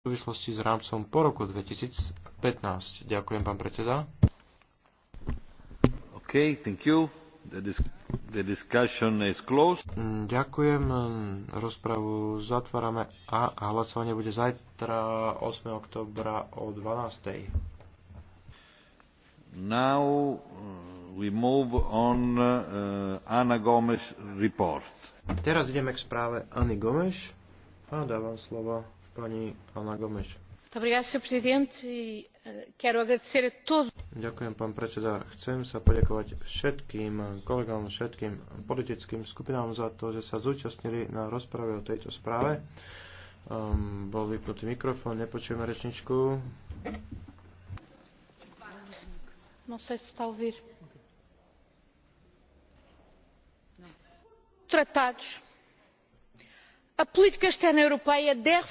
v súvislosti s rámcom po roku 2015. Ďakujem, pán predseda. OK, thank you. The, discussion is closed. Mm, ďakujem. Rozpravu zatvárame a hlasovanie bude zajtra 8. oktobra o 12. Now uh, we move on uh, Anna Gomes report. Teraz ideme k správe Anny Gomes a dávam slovo pani Anna Gomeš. E, eh, Ďakujem, pán predseda. Chcem sa poďakovať všetkým kolegom, všetkým politickým skupinám za to, že sa zúčastnili na rozprave o tejto správe. Um, bol vypnutý mikrofón, nepočujeme rečničku. No se está ouvir. Tratados. A política externa europeia deve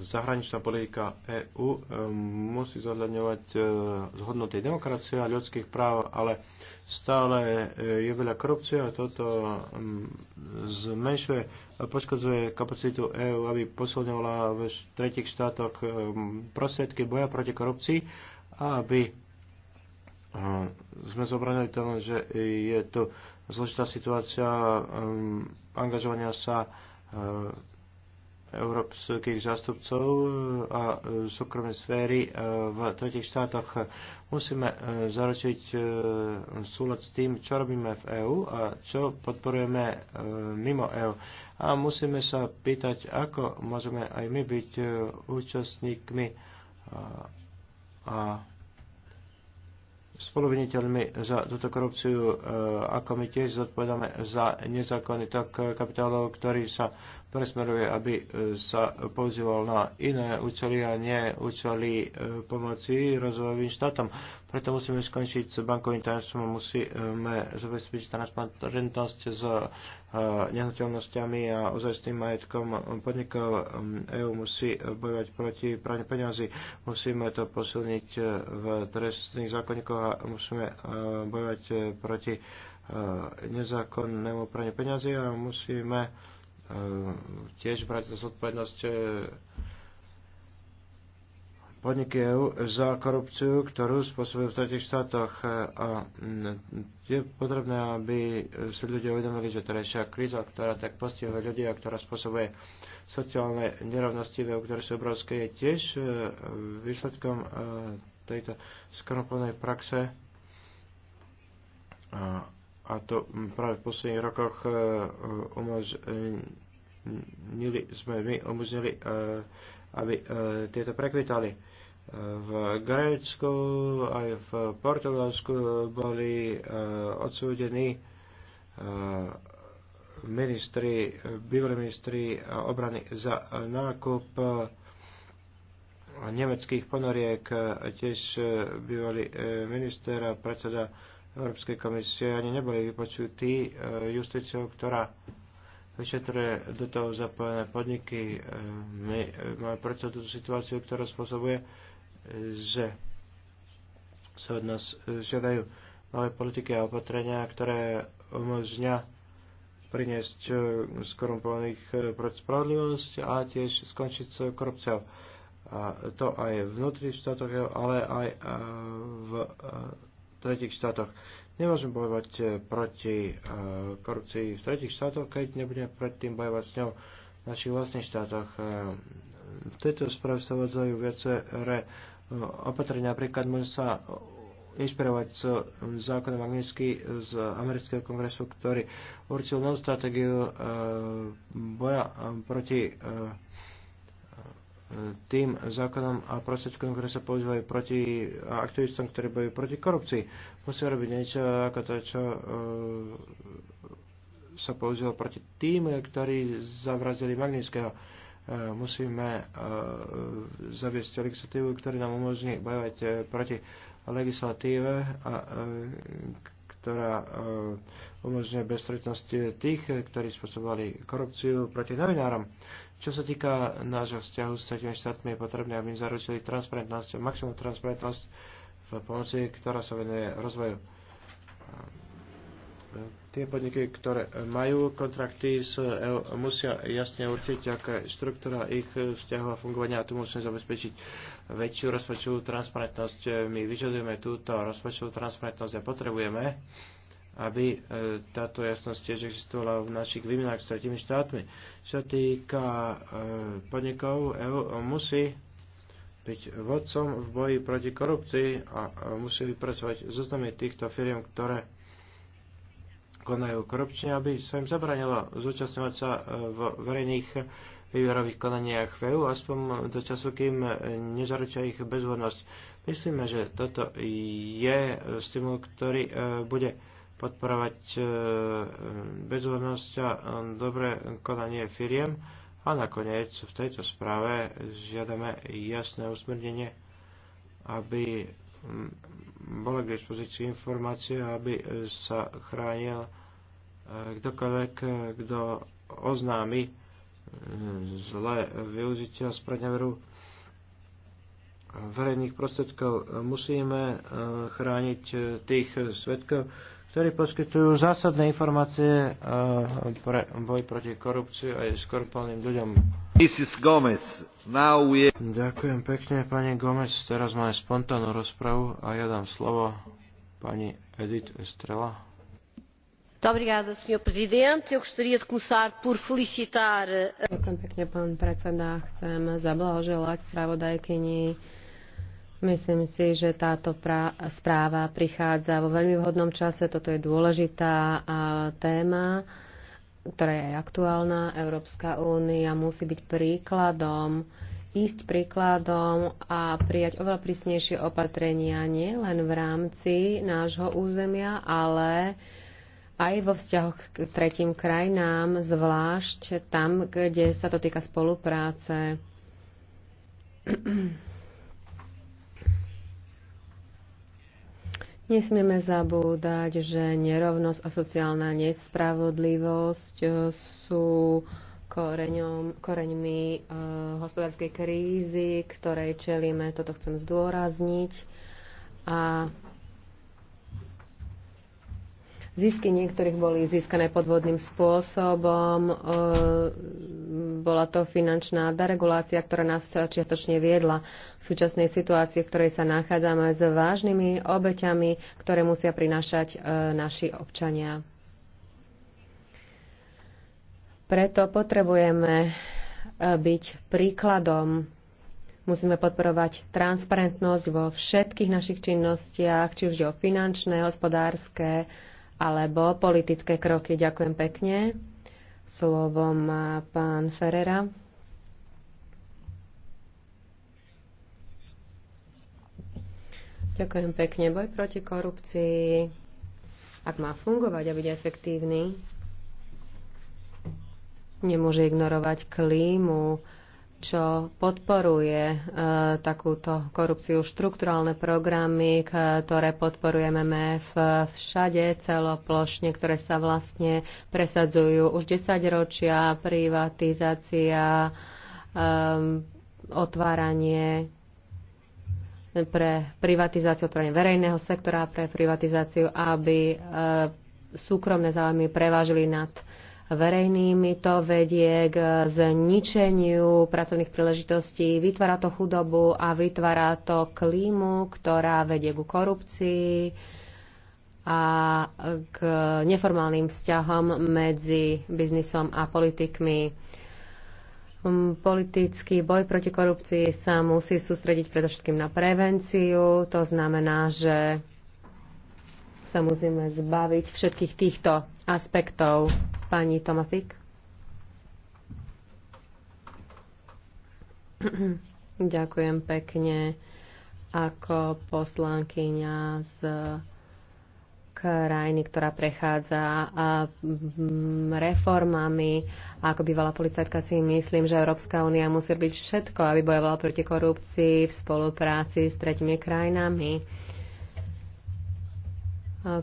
zahraničná politika EÚ e, musí zohľadňovať e, zhodnoty demokracie a ľudských práv, ale stále e, je veľa korupcie a toto mm, zmenšuje a poškodzuje kapacitu EÚ, aby posilňovala v tretich štátoch prostriedky boja proti korupcii a aby sme zobranili to, že je tu zložitá situácia angažovania sa európskych zástupcov a e, súkromnej sféry e, v tretich štátoch. Musíme e, zaručiť súlad s tým, čo robíme v EÚ a čo podporujeme mimo EÚ. A musíme sa pýtať, ako môžeme aj my byť účastníkmi a spoluviniteľmi za túto korupciu, e, ako my tiež zodpovedáme za nezákonný tok kapitálov, ktorý sa presmeruje, aby e, sa používal na iné účely a nie účely e, pomoci rozvojovým štátom. Preto musíme skončiť s bankovým tajomstvom a musíme zabezpečiť transparentnosť z nehnuteľnosťami a tým majetkom podnikov. Um, EÚ musí bojovať proti praniu peňazí. Musíme to posilniť e, v trestných zákonníkoch a musíme e, bojovať e, proti nezákonnému praniu peňazí a musíme tiež brať za zodpovednosť podnikajú e za korupciu, ktorú spôsobujú v tretich štátoch. E, a mm, je potrebné, aby si ľudia uvedomili, že terajšia kríza, ktorá tak postihuje ľudí a ktorá spôsobuje sociálne nerovnosti v e ktoré sú obrovské, je tiež výsledkom tejto skromplnej praxe a to práve v posledných rokoch umožnili, sme my umožnili aby e, tieto prekvitali. E, v Grécku aj v Portugalsku boli e, odsúdení ministri, bývalí ministri obrany za nákup nemeckých ponoriek, tiež bývalý minister a predseda Európskej komisie ani neboli vypočutí justíciou, ktorá vyšetruje do toho zapojené podniky. E, my e, máme predsa túto situáciu, ktorá spôsobuje, e, že sa od nás žiadajú nové politiky a opatrenia, ktoré umožňa priniesť skorumpovaných pred spravodlivosť a tiež skončiť s korupciou. A to aj vnútri štátoch, ale aj v tretich štátoch nemôžeme bojovať e, proti e, korupcii v tretich štátoch, keď nebudeme predtým bojovať s ňou v našich vlastných štátoch. E, v tejto správe sa uvádzajú viaceré opatrenia. Napríklad môže sa inšpirovať s zákonom Magnitsky z amerického kongresu, ktorý určil novú stratégiu boja proti tým zákonom a prostriedkom, ktoré sa používajú proti aktivistom, ktorí bojujú proti korupcii. Musia robiť niečo ako to, čo e, sa používalo proti tým, ktorí zavrazili Magnického. E, musíme e, zaviesť legislatívu, ktorá nám umožní bojovať proti legislatíve, a, ktorá e, umožňuje bezstretnosti tých, ktorí spôsobovali korupciu proti novinárom. Čo sa týka nášho vzťahu s tretimi štátmi, je potrebné, aby im zaručili transparentnosť, maximum transparentnosť v pomoci, ktorá sa venuje rozvoju tie podniky, ktoré majú kontrakty s EU, musia jasne určiť, aká je štruktúra ich vzťahov a fungovania a tu musíme zabezpečiť väčšiu rozpočtovú transparentnosť. My vyžadujeme túto rozpočtovú transparentnosť a potrebujeme, aby e, táto jasnosť tiež existovala v našich výmenách s tretimi štátmi. Čo týka e, podnikov, EU musí byť vodcom v boji proti korupcii a e, musí vypracovať zoznamy týchto firiem, ktoré konajú korupčne, aby sa im zabranilo zúčastňovať sa e, v verejných výberových konaniach v EU, aspoň do času, kým nezaručia ich bezvodnosť. Myslíme, že toto je stimul, ktorý e, bude podporovať e, bezvodnosť a dobré konanie firiem. A nakoniec v tejto správe žiadame jasné usmernenie, aby bola k dispozícii informácia, aby sa chránil e, kdokoľvek, e, kto oznámi e, zlé využitia z predňaveru verejných prostriedkov. Musíme chrániť tých svetkov, ktorí poskytujú zásadné informácie e, pre boj proti korupcii aj s korupálnym ľuďom. Mrs. Gomez, now we... Ďakujem pekne, pani Gomez. Teraz máme spontánnu rozpravu a ja dám slovo pani Edith Estrela. Obrigada, Presidente. Eu gostaria de começar por felicitar... Eh, Ďakujem pekne, pán predseda. Chcem zablahoželať spravodajkyni Myslím si, že táto správa prichádza vo veľmi vhodnom čase. Toto je dôležitá téma, ktorá je aktuálna. Európska únia musí byť príkladom, ísť príkladom a prijať oveľa prísnejšie opatrenia nie len v rámci nášho územia, ale aj vo vzťahoch k tretím krajinám, zvlášť tam, kde sa to týka spolupráce Nesmieme zabúdať, že nerovnosť a sociálna nespravodlivosť eh, sú koreňom, koreňmi e, hospodárskej krízy, ktorej čelíme. Toto chcem zdôrazniť. A zisky niektorých boli získané podvodným spôsobom. E, bola to finančná deregulácia, ktorá nás čiastočne viedla v súčasnej situácii, v ktorej sa nachádzame s vážnymi obeťami, ktoré musia prinášať e, naši občania. Preto potrebujeme e, byť príkladom Musíme podporovať transparentnosť vo všetkých našich činnostiach, či už o finančné, hospodárske alebo politické kroky. Ďakujem pekne. Slovo má pán Ferrera. Ďakujem pekne. Boj proti korupcii, ak má fungovať a byť efektívny, nemôže ignorovať klímu, čo podporuje e, takúto korupciu, štrukturálne programy, ktoré podporuje MMF všade celoplošne, ktoré sa vlastne presadzujú už 10 ročia, privatizácia, e, otváranie pre privatizáciu, otváranie verejného sektora, pre privatizáciu, aby e, súkromné záujmy prevážili nad Verejný to vedie k zničeniu pracovných príležitostí, vytvára to chudobu a vytvára to klímu, ktorá vedie ku korupcii a k neformálnym vzťahom medzi biznisom a politikmi. Mm, politický boj proti korupcii sa musí sústrediť predovšetkým na prevenciu, to znamená, že sa musíme zbaviť všetkých týchto aspektov. Pani Tomasik. Ďakujem pekne. Ako poslankyňa z krajiny, ktorá prechádza reformami, a ako bývalá policajtka si myslím, že Európska únia musí robiť všetko, aby bojovala proti korupcii v spolupráci s tretimi krajinami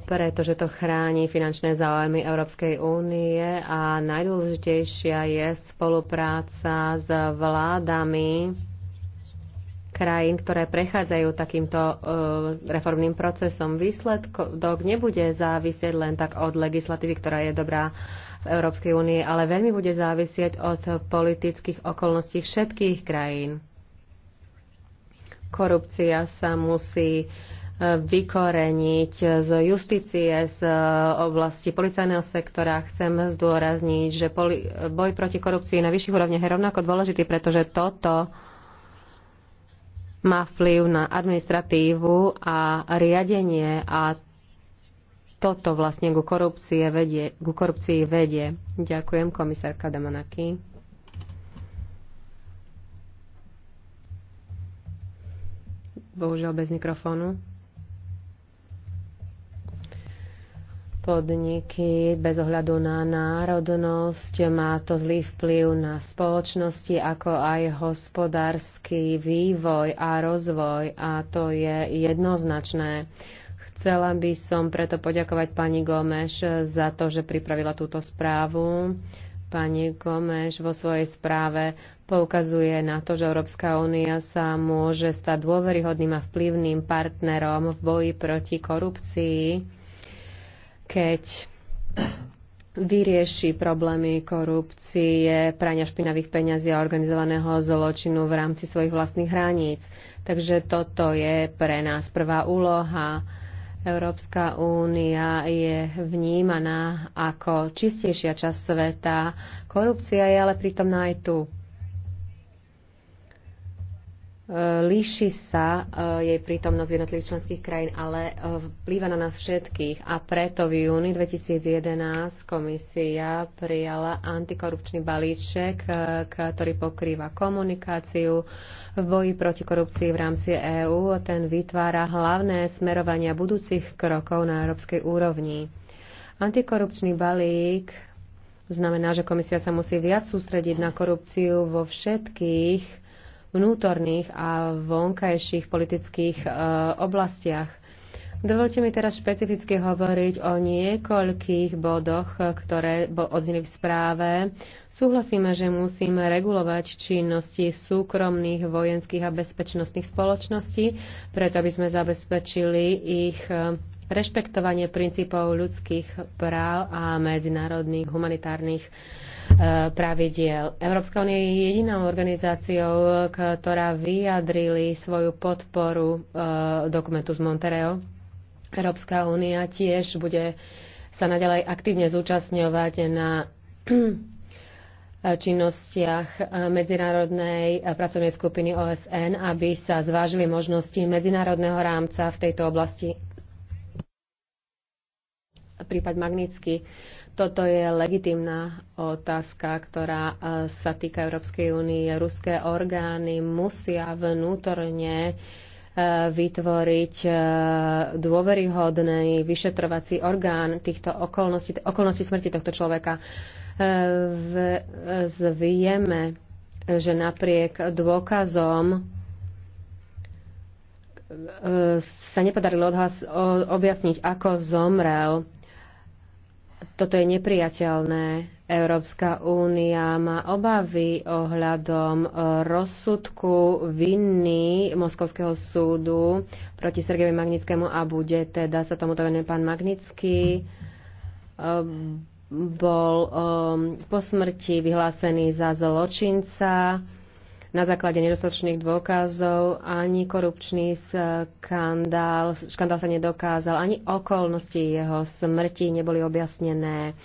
pretože to chráni finančné záujmy Európskej únie a najdôležitejšia je spolupráca s vládami krajín, ktoré prechádzajú takýmto e, reformným procesom. Výsledok nebude závisieť len tak od legislatívy, ktorá je dobrá v Európskej únie, ale veľmi bude závisieť od politických okolností všetkých krajín. Korupcia sa musí uh, vykoreniť z justície, z eh, oblasti policajného sektora. Chcem zdôrazniť, že boj proti korupcii na vyšších úrovniach je rovnako dôležitý, pretože toto má vplyv na administratívu a riadenie a toto vlastne ku korupcii vedie. Ku korupcii vedie. Ďakujem, komisárka Damanaki. Bohužiaľ bez mikrofónu. podniky bez ohľadu na národnosť. Má to zlý vplyv na spoločnosti, ako aj hospodársky vývoj a rozvoj a to je jednoznačné. Chcela by som preto poďakovať pani Gomeš za to, že pripravila túto správu. Pani Gomeš vo svojej správe poukazuje na to, že Európska únia sa môže stať dôveryhodným a vplyvným partnerom v boji proti korupcii keď vyrieši problémy korupcie, prania špinavých peňazí a organizovaného zločinu v rámci svojich vlastných hraníc. Takže toto je pre nás prvá úloha. Európska únia je vnímaná ako čistejšia časť sveta. Korupcia je ale prítomná aj tu. Eh, líši sa eh, jej prítomnosť v jednotlivých členských krajín, ale eh, vplýva na nás všetkých a preto v júni 2011 komisia prijala antikorupčný balíček, ktorý pokrýva komunikáciu v boji proti korupcii v rámci EÚ. Ten vytvára hlavné smerovania budúcich krokov na európskej úrovni. Antikorupčný balík znamená, že komisia sa musí viac sústrediť na korupciu vo všetkých vnútorných a vonkajších politických e, oblastiach. Dovolte mi teraz špecificky hovoriť o niekoľkých bodoch, e, ktoré bol odzneli v správe. Súhlasíme, že musíme regulovať činnosti súkromných vojenských a bezpečnostných spoločností, preto aby sme zabezpečili ich e, rešpektovanie princípov ľudských práv a medzinárodných humanitárnych e, pravidiel. Európska únia je jedinou organizáciou, ktorá vyjadrili svoju podporu e, dokumentu z Montereo. Európska únia tiež bude sa nadalej aktívne zúčastňovať na činnostiach medzinárodnej pracovnej skupiny OSN, aby sa zvážili možnosti medzinárodného rámca v tejto oblasti prípad Magnitsky. Toto je legitimná otázka, ktorá e, sa týka Európskej únie. Ruské orgány musia vnútorne e, vytvoriť e, dôveryhodný vyšetrovací orgán týchto okolností, okolností smrti tohto človeka. Zvieme, vieme, že napriek dôkazom sa nepodarilo objasniť, ako zomrel toto je nepriateľné. Európska únia má obavy ohľadom e, rozsudku viny Moskovského súdu proti Sergejovi Magnickému a bude teda sa tomuto venuje pán Magnický. E, bol e, po smrti vyhlásený za zločinca na základe nedostatočných dôkazov, ani korupčný skandál, škandál sa nedokázal, ani okolnosti jeho smrti neboli objasnené.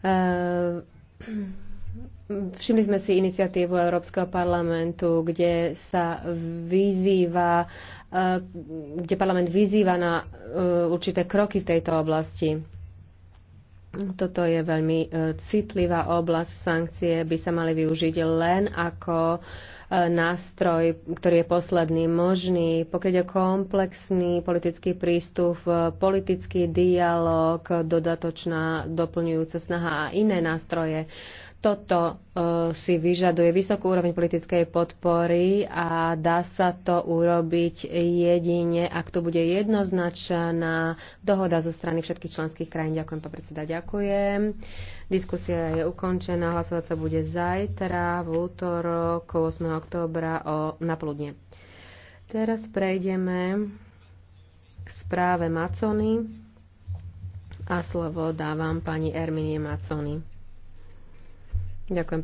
Ehm, všimli sme si iniciatívu Európskeho parlamentu, kde sa vyzýva, ehm, kde parlament vyzýva na ehm, určité kroky v tejto oblasti. Toto je veľmi e, citlivá oblasť. Sankcie by sa mali využiť len ako e, nástroj, ktorý je posledný možný, pokiaľ je komplexný politický prístup, e, politický dialog, dodatočná doplňujúca snaha a iné nástroje. Toto e, si vyžaduje vysokú úroveň politickej podpory a dá sa to urobiť jedine, ak to bude jednoznačná dohoda zo strany všetkých členských krajín. Ďakujem, pán predseda, ďakujem. Diskusia je ukončená, hlasovať sa bude zajtra, v útorok 8. októbra o, na Teraz prejdeme k správe Macony a slovo dávam pani Erminie Macony. Ďakujem.